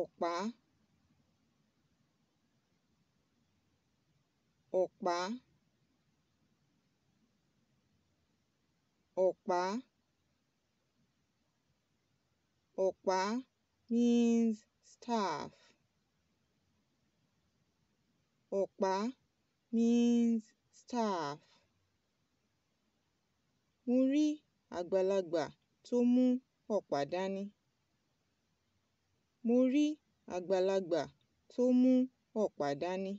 ụ̀kpàa ụ̀kpàa ụ̀kpàa ụ̀kpàa means staff ụ̀kpàa means staff mo rí àgbàlagbà tó mú ọ̀pá dání mo rí àgbàlagbà tó mú ọ̀pá dání